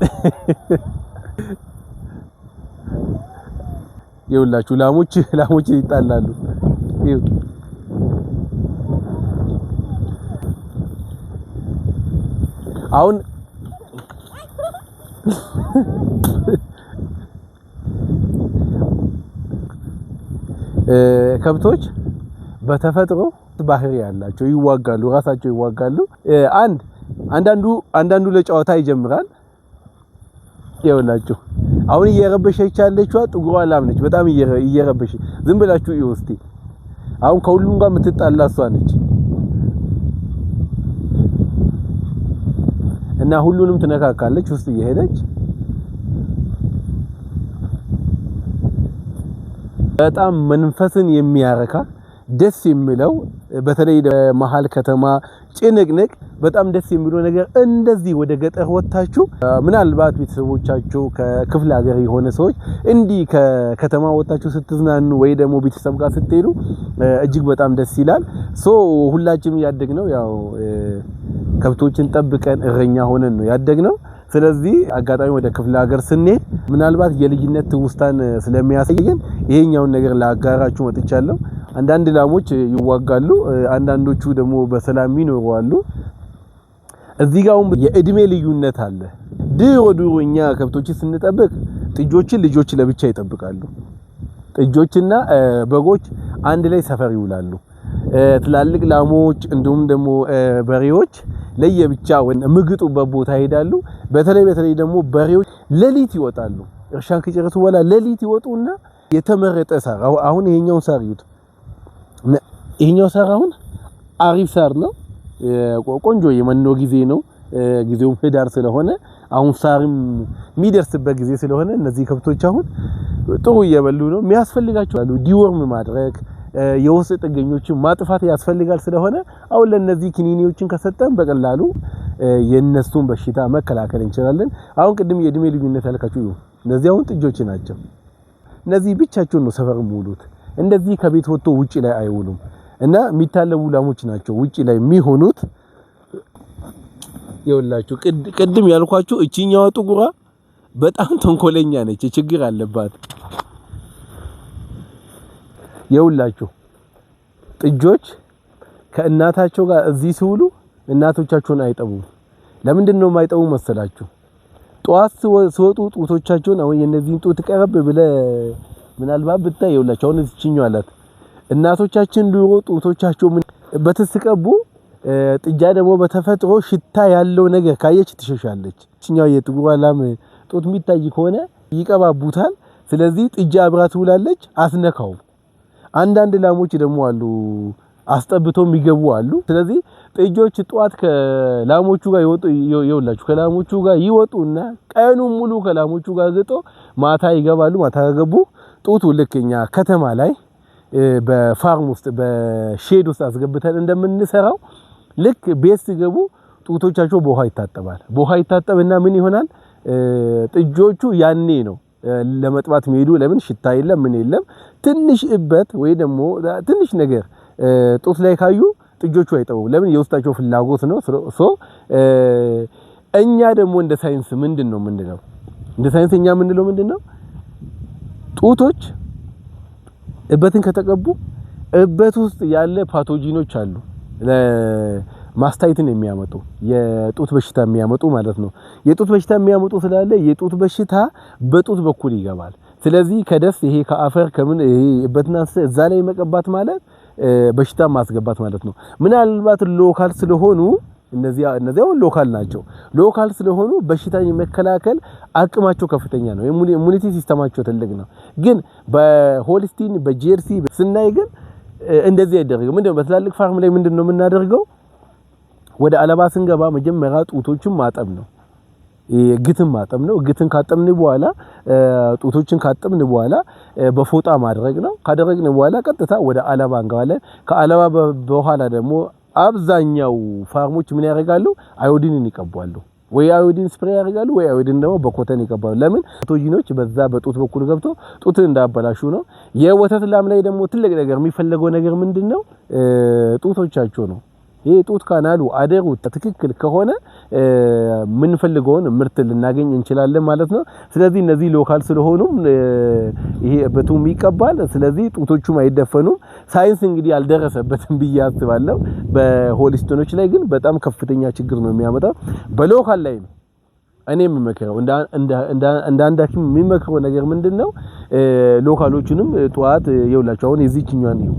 ይኸውላችሁ ላሞች ላሞች ይጣላሉ። አሁን ከብቶች በተፈጥሮ ባህሪ ያላቸው ይዋጋሉ፣ ራሳቸው ይዋጋሉ። አንድ አንዳንዱ አንዳንዱ ለጨዋታ ይጀምራል ይኸውላችሁ አሁን እየረበሸች ያለችዋ ጥጉሯ ላም ነች። በጣም እየረበሸ ዝም ብላችሁ እዩ እስቲ። አሁን ከሁሉም ጋር የምትጣላ እሷ ነች እና ሁሉንም ትነካካለች ውስጥ እየሄደች በጣም መንፈስን የሚያረካ ደስ የሚለው በተለይ መሀል ከተማ ጭንቅንቅ በጣም ደስ የሚለው ነገር እንደዚህ ወደ ገጠር ወጥታችሁ ምናልባት ቤተሰቦቻችሁ ከክፍለ ሀገር የሆነ ሰዎች እንዲህ ከከተማ ወጥታችሁ ስትዝናኑ ወይ ደግሞ ቤተሰብ ጋር ስትሄዱ እጅግ በጣም ደስ ይላል። ሶ ሁላችንም ያደግነው ያው ከብቶችን ጠብቀን እረኛ ሆነን ነው ያደግነው። ስለዚህ አጋጣሚ ወደ ክፍለ ሀገር ስንሄድ ምናልባት የልጅነት ትውስታን ስለሚያሳየን ይሄኛውን ነገር ላጋራችሁ መጥቻለሁ። አንዳንድ ላሞች ይዋጋሉ፣ አንዳንዶቹ ደግሞ በሰላም ይኖራሉ። እዚህ ጋር አሁን የእድሜ ልዩነት አለ። ድሮ ድሮ እኛ ከብቶችን ስንጠብቅ ጥጆችን ልጆች ለብቻ ይጠብቃሉ። ጥጆችና በጎች አንድ ላይ ሰፈር ይውላሉ። ትላልቅ ላሞች እንዲሁም ደግሞ በሬዎች ለየብቻ የሚግጡበት ቦታ ይሄዳሉ። በተለይ በተለይ ደግሞ በሬዎች ሌሊት ይወጣሉ። እርሻን ከጨረሱ በኋላ ሌሊት ይወጡና የተመረጠ ሳር አሁን ይሄኛውን ሳር ይዩት ይሄኛው ሳር አሁን አሪፍ ሳር ነው። ቆንጆ የመኖ ጊዜ ነው። ጊዜውም ህዳር ስለሆነ አሁን ሳርም የሚደርስበት ጊዜ ስለሆነ እነዚህ ከብቶች አሁን ጥሩ እየበሉ ነው። የሚያስፈልጋቸው አሉ ዲወርም ማድረግ የውስጥ ጥገኞችን ማጥፋት ያስፈልጋል። ስለሆነ አሁን ለነዚህ ክኒኒዎችን ከሰጠን በቀላሉ የነሱን በሽታ መከላከል እንችላለን። አሁን ቅድም የእድሜ ልዩነት ያልካችሁ እነዚህ አሁን ጥጆች ናቸው። እነዚህ ብቻቸውን ነው ሰፈር ሙሉት እንደዚህ ከቤት ወጥቶ ውጪ ላይ አይውሉም እና የሚታለቡ ላሞች ናቸው ውጪ ላይ የሚሆኑት። ይኸውላችሁ ቅድም ያልኳችሁ እቺኛዋ ጥቁሯ በጣም ተንኮለኛ ነች፣ ችግር አለባት። ይኸውላችሁ ጥጆች ከእናታቸው ጋር እዚህ ሲውሉ እናቶቻቸውን አይጠቡም። ለምንድን ነው የማይጠቡ መሰላችሁ? ጠዋት ሲወጡ ጡቶቻቸውን አሁን የነዚህን ጡት ቀረብ ብለህ ምናልባት ብታይ ይኸውላችሁ አሁን እዚችኛው አላት እናቶቻችን ድሮ ጡቶቻቸው በተስቀቡ ጥጃ ደግሞ በተፈጥሮ ሽታ ያለው ነገር ካየች ትሸሻለች። እችኛው የጥቁሯ ላም ጡት የሚታይ ከሆነ ይቀባቡታል። ስለዚህ ጥጃ አብራ ትውላለች፣ አትነካውም። አንዳንድ ላሞች ደግሞ አሉ አስጠብቶ የሚገቡ አሉ። ስለዚህ ጥጆች ጠዋት ከላሞቹ ጋር ይወጡ ይውላችሁ ከላሞቹ ጋር ይወጡና ቀኑን ሙሉ ከላሞቹ ጋር ግጦ ማታ ይገባሉ። ማታ ገቡ ጡቱ ልክ እኛ ከተማ ላይ በፋርም ውስጥ በሼድ ውስጥ አስገብተን እንደምንሰራው ልክ ቤት ሲገቡ ጡቶቻቸው በውሃ ይታጠባል። በውሃ ይታጠብና ምን ይሆናል? ጥጆቹ ያኔ ነው ለመጥባት የሚሄዱ። ለምን ሽታ የለም ምን የለም። ትንሽ እበት ወይ ደግሞ ትንሽ ነገር ጡት ላይ ካዩ ጥጆቹ አይጠቡም። ለምን? የውስጣቸው ፍላጎት ነው። ሶ እኛ ደግሞ እንደ ሳይንስ ምንድን ነው ምንድነው እንደ ሳይንስ እኛ ምንለው ምንድነው ጡቶች እበትን ከተቀቡ እበት ውስጥ ያለ ፓቶጂኖች አሉ ማስታይትን የሚያመጡ የጡት በሽታ የሚያመጡ ማለት ነው። የጡት በሽታ የሚያመጡ ስላለ የጡት በሽታ በጡት በኩል ይገባል። ስለዚህ ከደስ ይሄ ከአፈር ከምን ይሄ እበትና እዛ ላይ መቀባት ማለት በሽታ ማስገባት ማለት ነው። ምናልባት ሎካል ስለሆኑ እነዚያ እነዚያ ሎካል ናቸው። ሎካል ስለሆኑ በሽታ የመከላከል አቅማቸው ከፍተኛ ነው። ኢሙኒቲ ሲስተማቸው ትልቅ ነው። ግን በሆልስቲን በጀርሲ ስናይ ግን እንደዚህ አይደረግም። ምንድነው በትላልቅ ፋርም ላይ ምንድነው የምናደርገው? ወደ አለባ ስንገባ መጀመሪያ ጡቶችን ማጠብ ነው ግትን ማጠብ ነው። ግትን ካጠብን በኋላ ጡቶችን ካጠብን በኋላ በፎጣ ማድረግ ነው። ካደረግን በኋላ ቀጥታ ወደ አለባ እንገባለን። ከአለባ በኋላ ደግሞ አብዛኛው ፋርሞች ምን ያደርጋሉ? አዮዲንን ይቀባሉ። ወይ አዮዲን ስፕሬይ ያደርጋሉ፣ ወይ አዮዲን ደግሞ በኮተን ይቀባሉ። ለምን ፓቶጂኖች በዛ በጡት በኩል ገብቶ ጡትን እንዳበላሹ ነው። የወተት ላም ላይ ደግሞ ትልቅ ነገር የሚፈለገው ነገር ምንድነው? ጡቶቻቸው ነው ጦት ካናሉ አደሩ ትክክል ከሆነ የምንፈልገውን ምርት ልናገኝ እንችላለን ማለት ነው። ስለዚህ እነዚህ ሎካል ስለሆኑም ይሄ በቱም ይቀባል። ስለዚህ ጡቶቹም አይደፈኑም። ሳይንስ እንግዲህ አልደረሰበትም ብዬ አስባለሁ። በሆሊስቶኖች ላይ ግን በጣም ከፍተኛ ችግር ነው የሚያመጣው። በሎካል ላይ ነው እኔ የምመክረው እንደ አንድ ሐኪም የሚመክረው ነገር ምንድን ነው? ሎካሎቹንም ጠዋት የውላቸው አሁን የዚህኛዋን ይሁ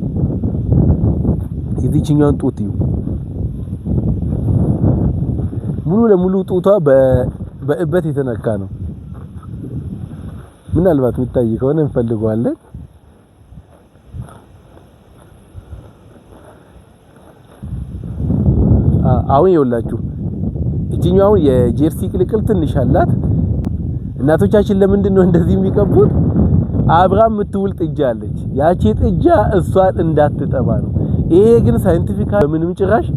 የዚህኛዋን ጡት ይሁ ለሙሉ ጡቷ በእበት የተነካ ነው። ምናልባት የሚታይ ከሆነ እንፈልገዋለን። አሁን ይኸውላችሁ እችኛው የጀርሲ ቅልቅል ትንሽ አላት። እናቶቻችን ለምንድን ነው እንደዚህ የሚቀቡት? አብራም የምትውል ጥጃ አለች። ያቺ ጥጃ እሷን እንዳትጠባ ነው። ይሄ ግን ሳይንቲፊካ ምንም ጭራሽ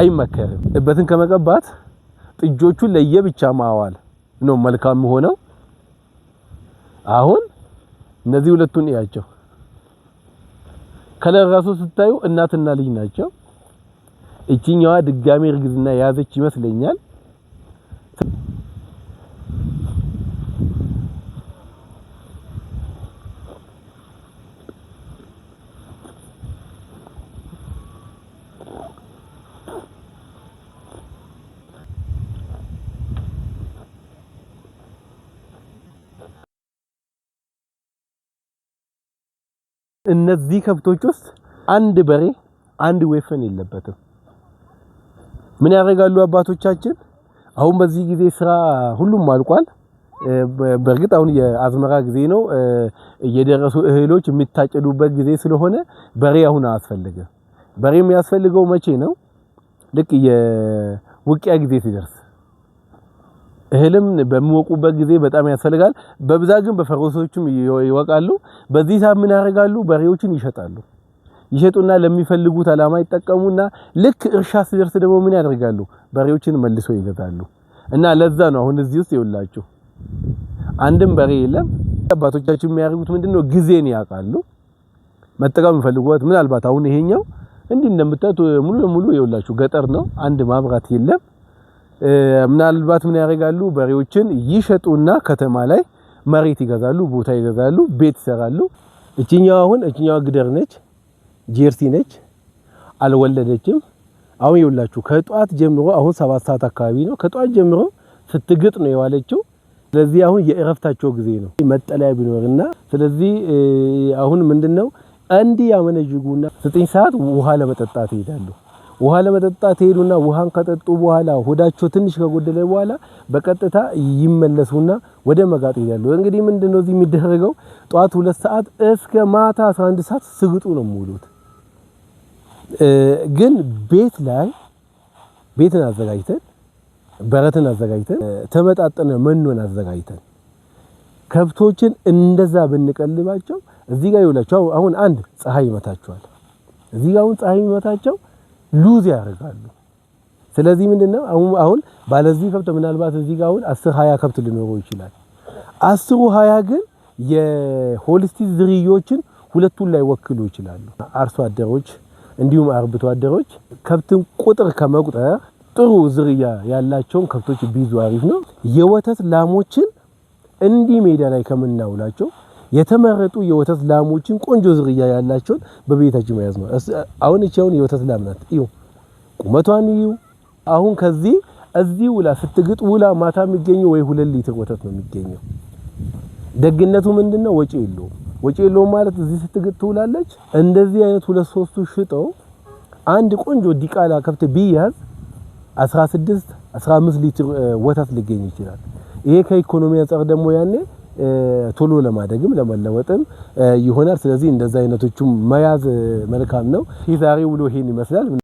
አይመከርም። እበትን ከመቀባት ጥጆቹን ለየብቻ ማዋል ነው መልካም ሆነው። አሁን እነዚህ ሁለቱን እያቸው ከላይ ራሱ ስታዩ እናትና ልጅ ናቸው። እቺኛዋ ድጋሜ እርግዝና የያዘች ይመስለኛል። እነዚህ ከብቶች ውስጥ አንድ በሬ አንድ ወይፈን የለበትም። ምን ያደርጋሉ አባቶቻችን? አሁን በዚህ ጊዜ ስራ ሁሉም አልቋል። በእርግጥ አሁን የአዝመራ ጊዜ ነው። የደረሱ እህሎች የሚታጨዱበት ጊዜ ስለሆነ በሬ አሁን አያስፈልግም። በሬ የሚያስፈልገው መቼ ነው? ልክ የውቂያ ጊዜ ሲደርስ እህልም በሚወቁበት ጊዜ በጣም ያስፈልጋል። በብዛት ግን በፈረሶችም ይወቃሉ። በዚህ ሰዓት ምን ያደርጋሉ? በሬዎችን ይሸጣሉ። ይሸጡና ለሚፈልጉት አላማ ይጠቀሙና ልክ እርሻ ሲደርስ ደግሞ ምን ያደርጋሉ? በሬዎችን መልሶ ይገዛሉ። እና ለዛ ነው አሁን እዚህ ውስጥ ይውላችሁ አንድም በሬ የለም። አባቶቻችን የሚያደርጉት ምንድነው? ጊዜን ያውቃሉ። መጠቀም የሚፈልጉት ምናልባት አሁን ይሄኛው እንዲህ እንደምታዩት ሙሉ ለሙሉ ይውላችሁ ገጠር ነው። አንድ ማብራት የለም። ምናልባት ምን ያደርጋሉ? በሬዎችን ይሸጡና ከተማ ላይ መሬት ይገዛሉ፣ ቦታ ይገዛሉ፣ ቤት ይሰራሉ። እችኛዋ አሁን እችኛዋ ግደር ነች፣ ጀርሲ ነች፣ አልወለደችም። አሁን ይውላችሁ ከጧት ጀምሮ አሁን ሰባት ሰዓት አካባቢ ነው። ከጧት ጀምሮ ስትግጥ ነው የዋለችው። ስለዚህ አሁን የእረፍታቸው ጊዜ ነው፣ መጠለያ ቢኖርና። ስለዚህ አሁን ምንድነው እንዲህ ያመነጅጉና ዘጠኝ ሰዓት ውሃ ለመጠጣት ይሄዳሉ። ውሃ ለመጠጣት ሄዱና ውሃን ከጠጡ በኋላ ሆዳቸው ትንሽ ከጎደለ በኋላ በቀጥታ ይመለሱና ወደ መጋጥ ይላሉ። እንግዲህ ምንድነው እዚህ የሚደረገው? ጠዋት ሁለት ሰዓት እስከ ማታ 11 ሰዓት ስግጡ ነው የሚውሉት። ግን ቤት ላይ ቤትን አዘጋጅተን በረትን አዘጋጅተን ተመጣጠነ መኖን አዘጋጅተን ከብቶችን እንደዛ ብንቀልባቸው እዚህ ጋር ይውላቸው። አሁን አንድ ፀሐይ ይመታቸዋል። እዚህ ጋር አሁን ፀሐይ ይመታቸው ሉዝ ያደርጋሉ። ስለዚህ ምንድነው አሁን ባለዚህ ከብት ምናልባት እዚህ ጋር አሁን 10 20 ከብት ሊኖረው ይችላል። አስሩ ሀያ ግን የሆሊስቲክ ዝርያዎችን ሁለቱን ላይ ወክሉ ይችላሉ። አርሶ አደሮች እንዲሁም አርብቶ አደሮች ከብትን ቁጥር ከመቁጠር ጥሩ ዝርያ ያላቸውን ከብቶች ቢዙ አሪፍ ነው። የወተት ላሞችን እንዲህ ሜዳ ላይ ከምናውላቸው የተመረጡ የወተት ላሞችን ቆንጆ ዝርያ ያላቸውን በቤታችን መያዝ ነው። አሁን እቺ የወተት ላም ናት። እዩ ቁመቷን እዩ። አሁን ከዚህ እዚህ ውላ ስትግጥ ውላ ማታ የሚገኘው ወይ ሁለት ሊትር ወተት ነው የሚገኘው። ደግነቱ ምንድነው? ወጪ የለውም። ወጪ የለውም ማለት እዚህ ስትግጥ ትውላለች። እንደዚህ አይነት ሁለት ሶስቱ ሽጠው አንድ ቆንጆ ዲቃላ ከብት ቢያዝ 16 15 ሊትር ወተት ሊገኝ ይችላል። ይሄ ከኢኮኖሚ አንጻር ደግሞ ያኔ ቶሎ ለማደግም ለመለወጥም ይሆናል። ስለዚህ እንደዛ አይነቶቹም መያዝ መልካም ነው። የዛሬ ውሎ ይሄን ይመስላል።